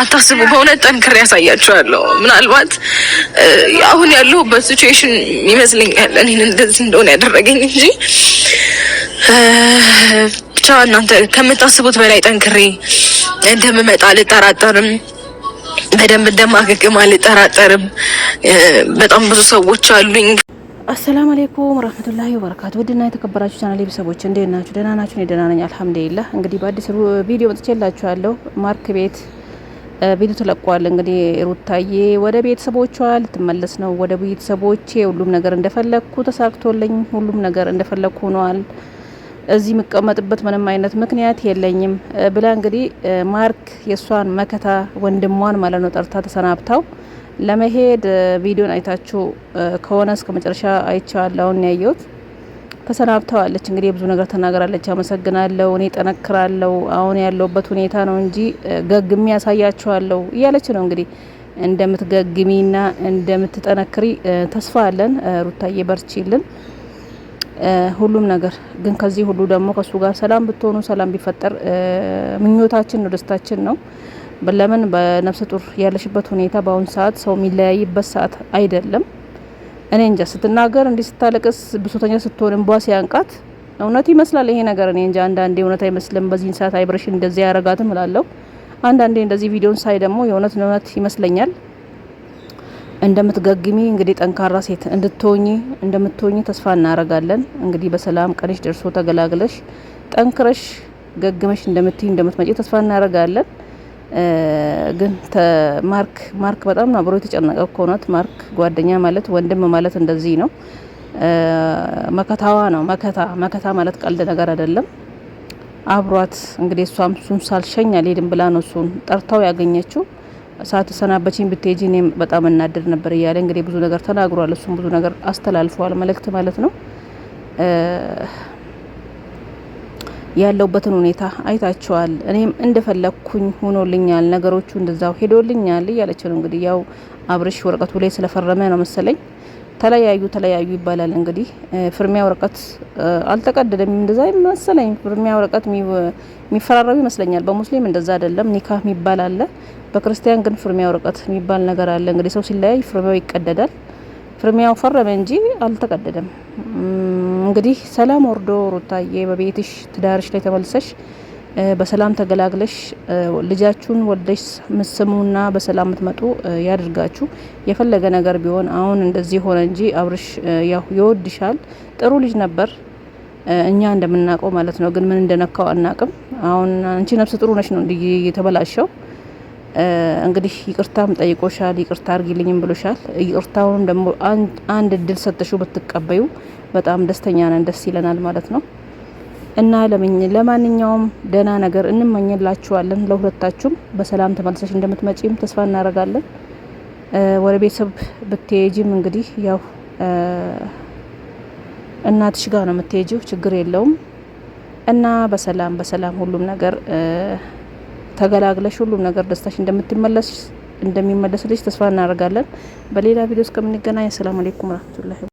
አታስቡ። በእውነት ጠንክሬ ያሳያቸዋለሁ። ምናልባት አሁን ያለሁበት ሲቹዌሽን ይመስለኛል እኔን እንደዚህ እንደሆነ ያደረገኝ እንጂ ብቻ እናንተ ከምታስቡት በላይ ጠንክሬ እንደምመጣ አልጠራጠርም። በደንብ እንደማገግም አልጠራጠርም። በጣም ብዙ ሰዎች አሉኝ። አሰላም አሌይኩም ረህመቱላሂ ወበረካቱ። ውድና የተከበራችሁ ቻናል ቤተሰቦች እንዴት ናችሁ? ደህና ናችሁ? እኔ ደህና ነኝ አልሐምዱሊላህ። እንግዲህ በአዲስ ቪዲዮ መጥቼላችኋለሁ። ማርክ ቤት ቤቱ ተለቋል። እንግዲህ ሩታዬ ወደ ቤተሰቦቿ ልትመለስ ነው። ወደ ቤተሰቦቼ ሁሉም ነገር እንደፈለግኩ ተሳክቶልኝ ሁሉም ነገር እንደፈለግኩ ሆኗል። እዚህ የምቀመጥበት ምንም አይነት ምክንያት የለኝም ብላ እንግዲህ ማርክ የእሷን መከታ ወንድሟን ማለት ነው ጠርታ ተሰናብታው ለመሄድ ቪዲዮን አይታችሁ ከሆነ እስከ መጨረሻ አይቼዋለሁ ያየሁት ተሰናብተዋለች። እንግዲህ ብዙ ነገር ተናገራለች። አመሰግናለሁ፣ እኔ ጠነክራለሁ፣ አሁን ያለውበት ሁኔታ ነው እንጂ ገግሜ ያሳያችኋለሁ እያለች ነው እንግዲህ እንደምትገግሚና እንደምትጠነክሪ ተስፋ አለን። ሩታዬ በርቺልን። ሁሉም ነገር ግን ከዚህ ሁሉ ደግሞ ከእሱ ጋር ሰላም ብትሆኑ ሰላም ቢፈጠር ምኞታችን ነው፣ ደስታችን ነው። ለምን በነፍሰ ጡር ያለሽበት ሁኔታ በአሁኑ ሰዓት ሰው የሚለያይበት ሰዓት አይደለም። እኔ እንጃ ስትናገር እንዲህ ስታለቅስ ብሶተኛ ስትሆን እንቧ ሲያንቃት እውነት ይመስላል ይሄ ነገር። እኔ እንጃ አንዳንዴ እውነት አይመስልም። በዚህን ሰዓት አይብረሽን እንደዚህ ያረጋትም እላለሁ። አንዳንዴ እንደዚህ ቪዲዮን ሳይ ደግሞ የእውነት እውነት ይመስለኛል። እንደምትገግሚ እንግዲህ ጠንካራ ሴት እንድትሆኚ እንደምትሆኚ ተስፋ እናረጋለን። እንግዲህ በሰላም ቀንሽ ደርሶ ተገላግለሽ ጠንክረሽ ገግመሽ እንደምትይ እንደምትመጪ ተስፋ እናረጋለን። ግን ማርክ ማርክ በጣም ነው አብሮ የተጨነቀው ከሆነት ማርክ ጓደኛ ማለት ወንድም ማለት እንደዚህ ነው። መከታዋ ነው መከታ መከታ ማለት ቀልድ ነገር አይደለም። አብሯት እንግዲህ እሷም እሱን ሳልሸኝ አልሄድም ብላ ነው እሱን ጠርታው ያገኘችው። ሰናበችኝ ብትሄጂ እኔም በጣም እናደድ ነበር እያለ እንግዲህ ብዙ ነገር ተናግሯል። እሱም ብዙ ነገር አስተላልፈዋል፣ መልእክት ማለት ነው። ያለውበትን ሁኔታ አይታቸዋል እኔም እንደፈለግኩኝ ሆኖልኛል፣ ነገሮቹ እንደዛው ሄዶልኛል እያለች ነው እንግዲህ። ያው አብርሽ ወረቀቱ ላይ ስለፈረመ ነው መሰለኝ ተለያዩ ተለያዩ ይባላል እንግዲህ። ፍርሚያ ወረቀት አልተቀደደም፣ እንደዛ መሰለኝ። ፍርሚያ ወረቀት የሚፈራረሙ ይመስለኛል። በሙስሊም እንደዛ አይደለም፣ ኒካህ የሚባል አለ። በክርስቲያን ግን ፍርሚያ ወረቀት የሚባል ነገር አለ። እንግዲህ ሰው ሲለያይ ፍርሚያው ይቀደዳል። ፍርሚያው ፈረመ እንጂ አልተቀደደም። እንግዲህ ሰላም ወርዶ ሩታዬ በቤትሽ ትዳርሽ ላይ ተመልሰሽ በሰላም ተገላግለሽ ልጃችሁን ወልደሽ ምሰሙና በሰላም ምትመጡ ያድርጋችሁ። የፈለገ ነገር ቢሆን አሁን እንደዚህ ሆነ እንጂ አብርሽ ያው ይወድሻል። ጥሩ ልጅ ነበር እኛ እንደምናውቀው ማለት ነው። ግን ምን እንደነካው አናቅም። አሁን አንቺ ነፍስ ጥሩ ነሽ ነው እንዲህ የተበላሸው እንግዲህ ይቅርታም ጠይቆሻል፣ ይቅርታ አርጊልኝም ብሎሻል። ይቅርታውን ደግሞ አንድ እድል ሰጥሹ ብትቀበዩ በጣም ደስተኛ ነን፣ ደስ ይለናል ማለት ነው። እና ለማንኛውም ደህና ነገር እንመኝላችኋለን ለሁለታችሁም። በሰላም ተመልሰሽ እንደምትመጪም ተስፋ እናደርጋለን። ወደ ቤተሰብ ብትሄጂም እንግዲህ ያው እናትሽ ጋር ነው የምትሄጂው፣ ችግር የለውም እና በሰላም በሰላም ሁሉም ነገር ተገላግለሽ ሁሉም ነገር ደስታሽ እንደምትመለስ እንደሚመለስልሽ ተስፋ እናደርጋለን። በሌላ ቪዲዮ እስከምንገናኝ አሰላሙ አሌይኩም ረህመቱላሂ